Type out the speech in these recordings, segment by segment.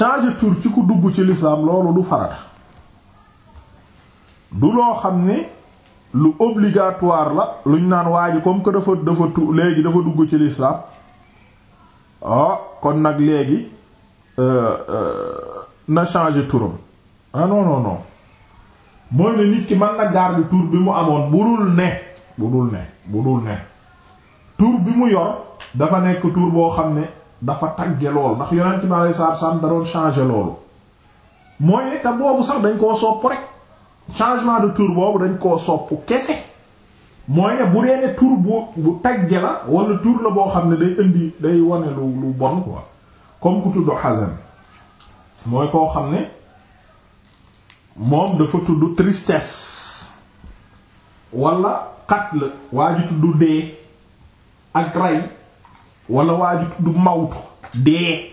changer tur ci ku dugg ci lislaam loolu du farata du loo xam ni lu obligatoire la lu ñu naan waa ji comme que dafa dafa tu léegi dafa dugg ci lislaam ah kon nag léegi euh, euh, na changer turam ah non mooy ne nit ki mën na garder tur bi mu amoon budul ne budul ne budul ne tur bi mu yor dafa nekk tur boo xam ne dafa tagge loolu ndax yonent bi alayhi salaatu salaam da doon changer loolu mooy ne te boobu sax dañ koo sopp rek changement de tur boobu dañ koo sopp kese mooy ne bu dee ne tur bu bu tagge la wala tur la boo xam ne day indi day wane lu lu bon quoi comme ku tudd Hazan mooy koo xam ne moom dafa tudd tristesse wala xat la waa ji tudd dee ak rey wala waa ju tudd mawtu dee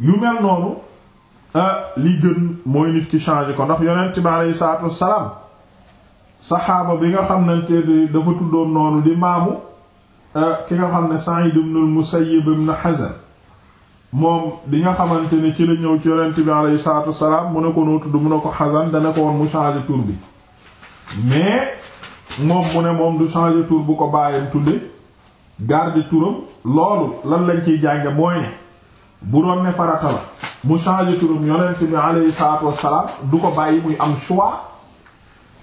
yu mel noonu ah, lii gën mooy nit ki changé ko ndax yonent bi aleyhi salaatu wassalaam saxaaba bi nga xam ne dafa tuddoon noonu di maamu ah, ki nga xam ne Sa'id ibn al-Musayyib ibn Hazn moom bi nga xamante ni ci la ñëw ci yonent bi aleyhi salaatu wassalaam mu ne ko noo tudd mu ne ko Hazn dana ko woon mu changé tur bi mais moom mu ne moom du changé tur bu ko bàyyeen tudde garde turam loolu lan lañ ciy jànge mooy ne bu doon ne farata la mu changé turam yonent bi alayhi salaatu wassalaam du ko bàyyi muy am choix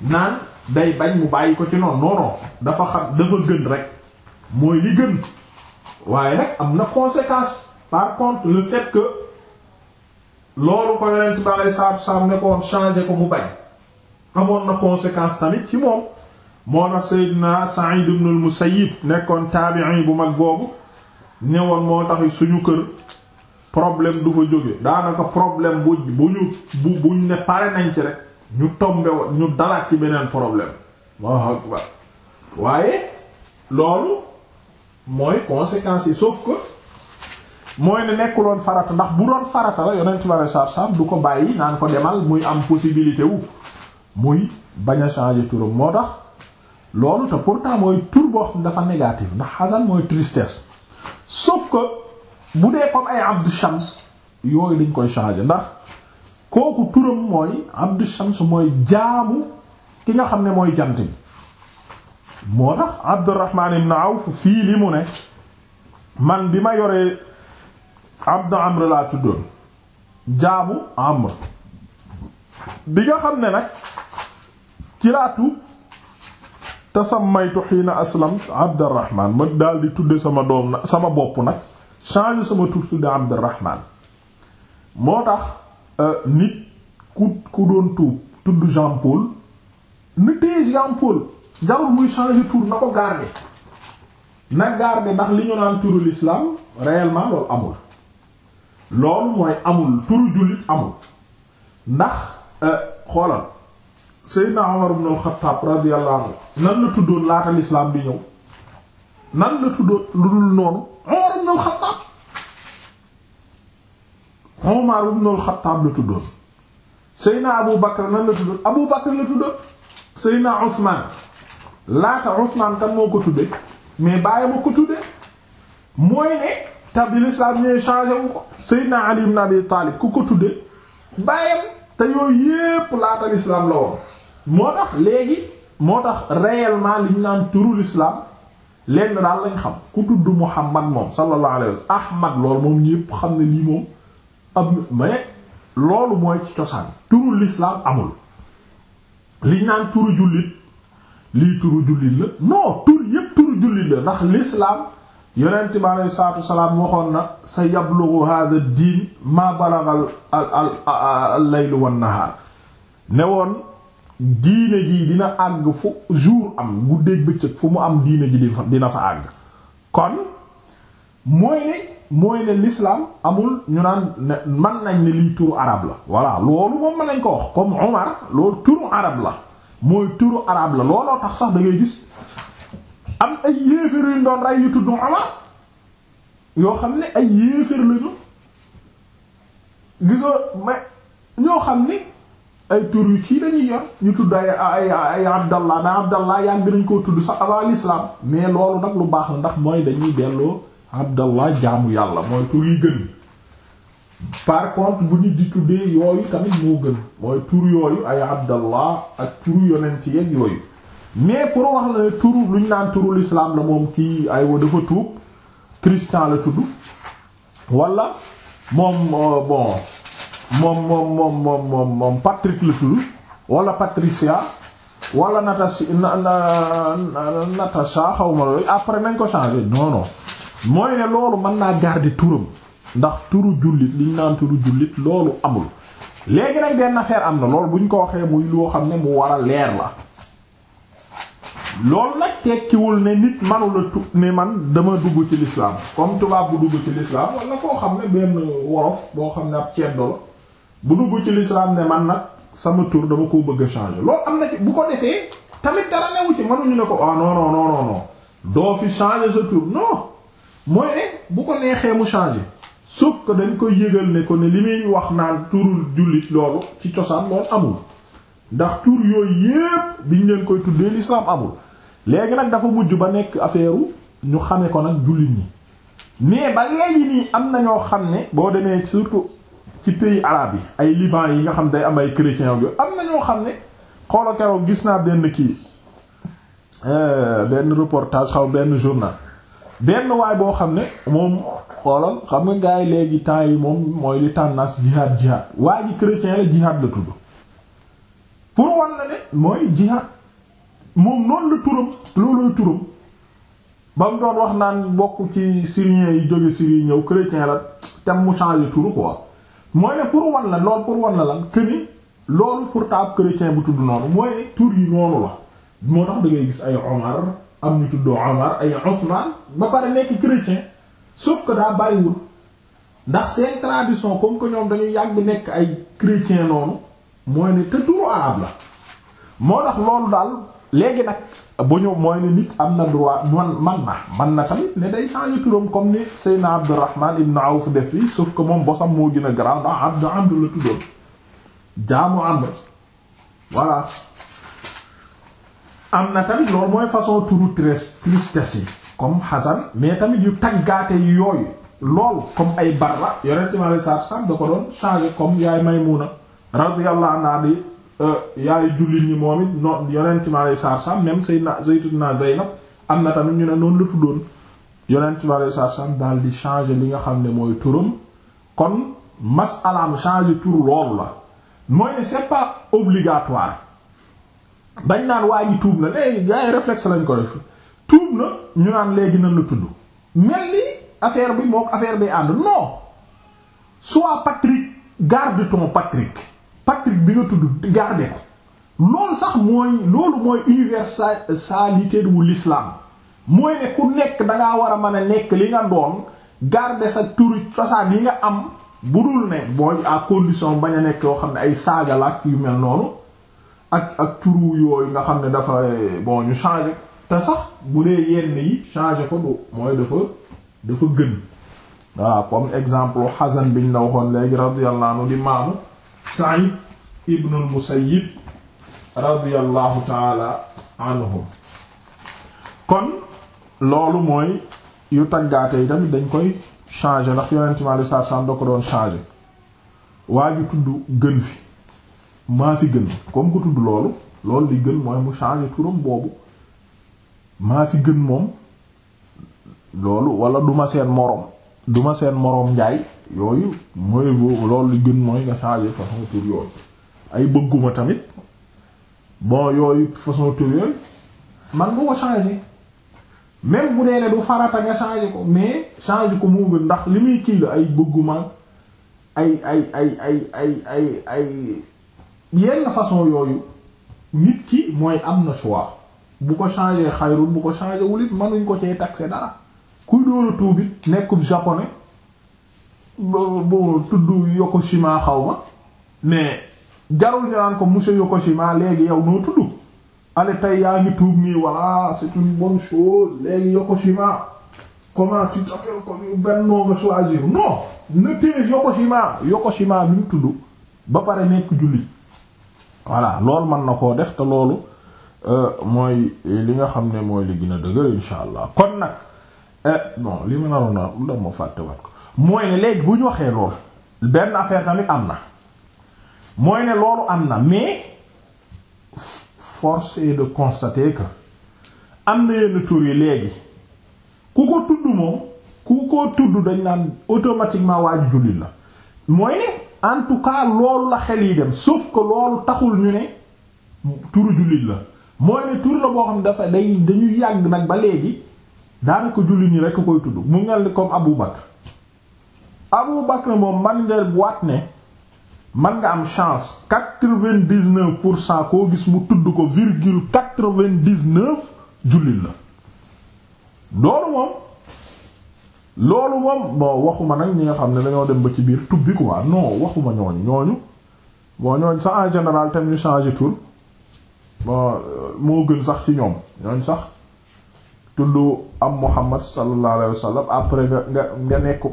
naan day bañ mu bàyyi ko ci noonu non dafa xam dafa gën rek mooy li gën waaye nag am na conséquence par contre le fait que loolu ko yonent bi alayhi salaatu wassalaam ne ko changé ko mu bañ amoon na conséquence tamit ci moom moo tax Seydina Sa'id ibn al-Musayyib nekkoon taabi'i bu mag boobu ne woon moo tax suñu kër problème du fa jóge daanaka problème bu ñu bu buñ ne pare nañ ci rek ñu tombe woon ñu dalaat ci beneen problème waaye loolu mooy conséquences yi sauf que mooy ne nekkuloon farata ndax bu doon farata la yonent bi alei satu salaam du ko bàyyi naan ko demal muy am possibilité wu muy bañ a changer turam moo tax loolu te pourtant mooy tur boo xam dafa négatif ndax xasan mooy tristesse sauf que bu dee comme ay abdu shams yooyu dañ koy changer ndax kooku turam mooy abdu shams mooy jaamu ki nga xam ne mooy jant bi moo tax abdurrahman ibn awf fii li mu ne man bi ma yoree abdu amr laa tuddoon jaamu amr bi nga xam ne nag ci laa tuub tasammaytu xiina aslam abdarrahman ma daal di tudde sama doom na sama bopp nag changé sama tur tudde abdarrahman moo tax euh, nit ku ku doon tuub tudd Jean Paul na téye Jean Paul jarul muy changé tur na ko garder na garder ndax li ñu naan turu l'islam réellement loolu amul loolu mooy amul turu jullit amul ndax euh, xoolal Seydina Umar ibn al-Khattab radiyallahu anhu nan la tuddoon laata lislaam bi ñëw nan la tuddoon lu dul noonu Umar ibn al-Khattab Umar ibn al-Khattab la tuddoon Seydina Abu Bakr nan la tuddoon Abu Bakr la tuddoon Seydina Usmaan laata Usmaan kan moo ko tudde mais bàyyi ma ko tudde mooy ne tabi lislaam ñooy changé wu ko Seydina Ali ibn Abi Taalib ku ko tudde bàyyam te yooyu yépp laata lislaam la woon moo tax léegi moo tax réellement li ñu naan turu l'islam lenn daal lañ xam ku tudd Muhammad moom sallallahu alayhi wa sallam Ahmad loolu moom ñépp xam ne lii moom ab mais loolu mooy ci cosaan turu l'islam amul liñ naan turu jullit lii turu jullit la non tur yépp turu jullit la ndax l'islam yonent bi aleyhi salaatu wasalaam waxoon na sa yablughu hadha diin ma balagha al al al laylu wan nahaar ne woon diine ji dina àgg fu jour am guddeeg bëccëg fu mu am diine ji dina fa àgg kon mooy ne mooy ne l'islam amul ñu naan mën nañ ne lii turu arab la voilà loolu moom mën nañ ko wax comme Omar loolu turu arab la mooy turu arab la looloo tax sax dangay gis am ay yéefér yuñ doon ne ay gisoo mais ñoo xam ne ay tur yu kii dañuy yor ñu tudd ay ay ay abdallah mais abdallah yàgg nañ koo tudd sa avant l'islam mais loolu nag lu baax la ndax mooy dañuy delloo abdallah jaamu yàlla mooy tur yi gën par contre bu ñu di tuddee yooyu tamit moo gën mooy tur yooyu ay abdallah ak tur yonent ci yeeg yooyu mais pour wax la ne tur lu ñu naan turu l'islam la moom kii ay wa dafa tuub christian la tudd wala moom euh, bon moom moom moom moom moom moom Patrick la tudd wala Patricia wala Natasha Natasha xaw ma loolu après nañ ko changer non non mooy ne loolu mën naa garder turam ndax turu jullit liñ naan turu jullit loolu amul. léegi nag benn affaire am na loolu buñ ko waxee muy loo xam ne mu war a leer la loolu nag tekkiwul ne nit manula tu ne man dama dugg ci l'islam comme tubaab bu dugg ci l'islam wala koo xam ne benn wolof boo xam ne ab ceddo bu dugg ci lislaam ne man nag sama tur dama ko bëgg a changer loolu am na ci bu ko defee tamit dara newu ci mënuñu ne ko ah non non non non non doo fi changer sa tur non mooy bu ko neexee mu changer sauf que dañ koy yëgal ne ko ne li muy wax naan turul jullit loolu ci cosaan loolu amul ndax tur yooyu yépp biñ leen koy tuddee lislaam amul léegi nag dafa mujj ba nekk affaire ñu xamee ko nag jullit ñi mais ba léegi nii am na ñoo xam ne boo demee surtout. ci pays arabe yi ay Liban yi nga xam day am ay chrétiens ak am na ñoo xam ne xoola keroog gis naa benn kii euh, benn reportage xaw benn journal benn waay boo xam ne moom xoolal xam nga gars léegi temps yi moom mooy li tendance jihad jihad waa ji chrétien la jihad la pour wan la ne mooy jihad moom noonu la turam loolooy turam ba doon wax naan bokk ci syriens yi jóge Syrie ñëw chrétien la tam mu changé turu quoi mooy ne pour wan la lool pour wan la lan que loolu pour taab chrétien bu tudd noonu mooy ne tur yi noonu la moo tax da gis ay Omar am ñu tuddoo Omar ay Ousmane ba pare nekk chrétien sauf que daa bàyyiwul ndax seen tradition comme que ñoom dañu yàgg nekk ay chrétien noonu mooy ne te turu la moo tax loolu daal. léegi nag bu ñu mooy ne nit am na droit man man na man na tamit ne day changer turam comme ni Seyna Abdurrahman ibn Awf def fi sauf que moom bosam moo gën a grand ndax Abdu Amr tuddoon jaamu Amr voilà am na tamit loolu mooy façon turu tristesse yi comme Hasan mais tamit yu taggaate yu yooyu lool comme ay Barra yonent mi alayhi salaatu wa da ko doon changer comme yaay Maymuna radiyallahu anha Euh, yaayu jullit ñi moom it non yonent mi alayhi salaatu salaam même Seydina Seydina Zeynab am na tamit ñu ne noonu la tuddoon yonent mi alayhi salaatu salaam daal di changer li nga xam ne mooy turam kon masalaam changer tur loolu la mooy ne c'est pas obligatoire dañ naan waa ji tuub na léegi gars yi réflexe lañ ko def tuub na ñu naan léegi na la tudd mel ni affaire bi mook affaire bi ànd non sois Patrick garde ton Patrick. Patrick bi nga tudd garde ko loolu sax mooy loolu mooy universalité wu l'islam mooy ne ku nekk dangaa war a mën a nekk li nga doon garde sa turu cosaan yi nga am bu dul ne booy condition bañ a nekk yoo xam ne ay saaga laak yu mel noonu ak ak turu yooyu nga xam ne dafa bon ñu changer te sax bu dee yenn yi changer ko du mooy dafa dafa gën waaw comme exemple xasan biñ la waxoon léegi radiyallahu anhu di maamu Sa'id ibn al-Musayyib radiyallahu taala anhum kon loolu mooy yu taggaate yi tamit dañ koy changer ndax yonent mi alayhi salaatu salaam da ko doon changer waa ju tudd gën fi maa fi gën comme ku tudd loolu loolu li gën mooy mu changer turam boobu maa fi gën moom loolu wala du ma seen moroom duma seen moroom njaay yooyu mooy loolu gën mooy nga changer façon tur yooyu ay bëgguma tamit bon yooyu façon tur yooyu man nga ko changer même bu dee farata nga changer ko mais changer ko mu ngi ndax li muy kii la ay bëgguma ay ay ay ay ay ay ay yenn façon yooyu nit ki mooy am na choix bu ko changer xayrul bu ko changer wulit mënuñ ko cee taxer dara kuy dóor a tuubi nekkul japonais bo tudd Yokoshima xaw ma mais jarul ñu ko monsieur Yokoshima léegi yow noo tudd ale tey yaa ngi tuub léegi Yokoshima comment choisir non na téye bi mu tudd ba pare nekk jullit voilà loolu mën na koo def te loolu euh, mooy li nga xam ne mooy li gën dëgër insha allah kon nag Eh, bon li ma naroon a lu dama fàttewaat ko mooy ne léegi bu ñu waxee lool benn affaire tamit am na mooy ne loolu am na mais force est de constater que am na yenn tur yi léegi ku ko tudd moom ku ko tudd dañ naan automatiquement waaju jullit la mooy ne en tout loolu la xel yi dem sauf que loolu taxul ñu ne turu jullit la mooy ne tur la boo xam dafa day dañu yàgg nag ba léegi daanaka julli ñi rekk koy tudd mu ngel ni comme Abu Bakr Abu Bakr moom man nga waat ne man nga am chance quatre-vingt-dix-neuf pour cent koo gis mu tudd ko virgule quatre-vingt-dix-neuf jullit la loolu moom loolu moom bon waxuma nag ñi nga xam ne dañoo dem ba ci biir tubbi quoi non waxuma ñooñu ñooñu bon ñooñu sax en général tam ñu changer tour bon euh, moo gën sax ci ñoom ñooñu sax tudd am Muhammad sallallahu alayhi wa sallam après nga nga nga nekk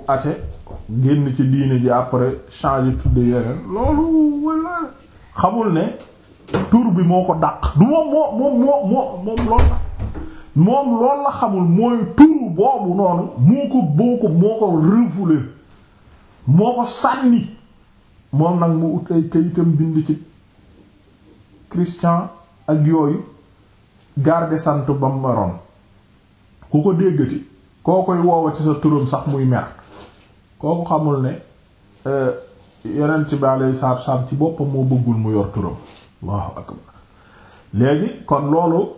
génn ci diine ji après changer tudd yeneen loolu walla xamul ne tur bi moo ko daq du moom moo moo moo moom loolu la xamul mooy tur boobu noonu moo ko boo moo ko refoulé moo ko sànni moom nag mu ut ay kayitam bind ci christian ak yooyu garder sant ba mu waroon ku ko déggati koo koy woowa ci sa turam sax muy mer kooku xamul ne euh, yonent bi alayhi salaatu salaam ci boppam moo bëggul mu yor turam Allahu akbar léegi kon loolu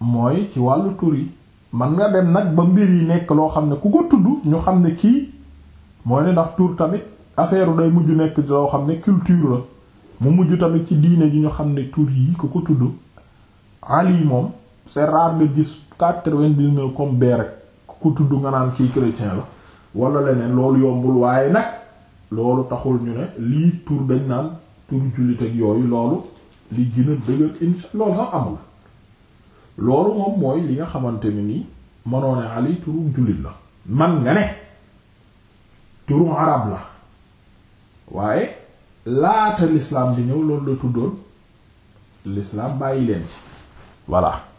mooy ci wàllu tur yi man nga dem nag ba mbir yi nekk loo xam ne ku ko tudd ñu xam ne kii mooy ne ndax tur tamit affaire day mujj nekk loo xam ne culture la mu mujj tamit ci diine ji ñu xam ne tur yi ku ko tudd Ali moom c'est rare nga gis quatre-vingt-dix-neuf comme bee rek ku tudd nga naan kii chrétien la wala leneen loolu yombul waaye nag loolu taxul ñu ne lii tur dañ naan tur jullit ak yooyu loolu li gën a dëgër incha loolu sax amul loolu moom mooy li nga xamante ni nii mënoo ne Ali turu jullit la man nga ne turu arab la waaye laata l'islam di ñëw loolu la tuddoon l'islam bàyyi leen ci voilà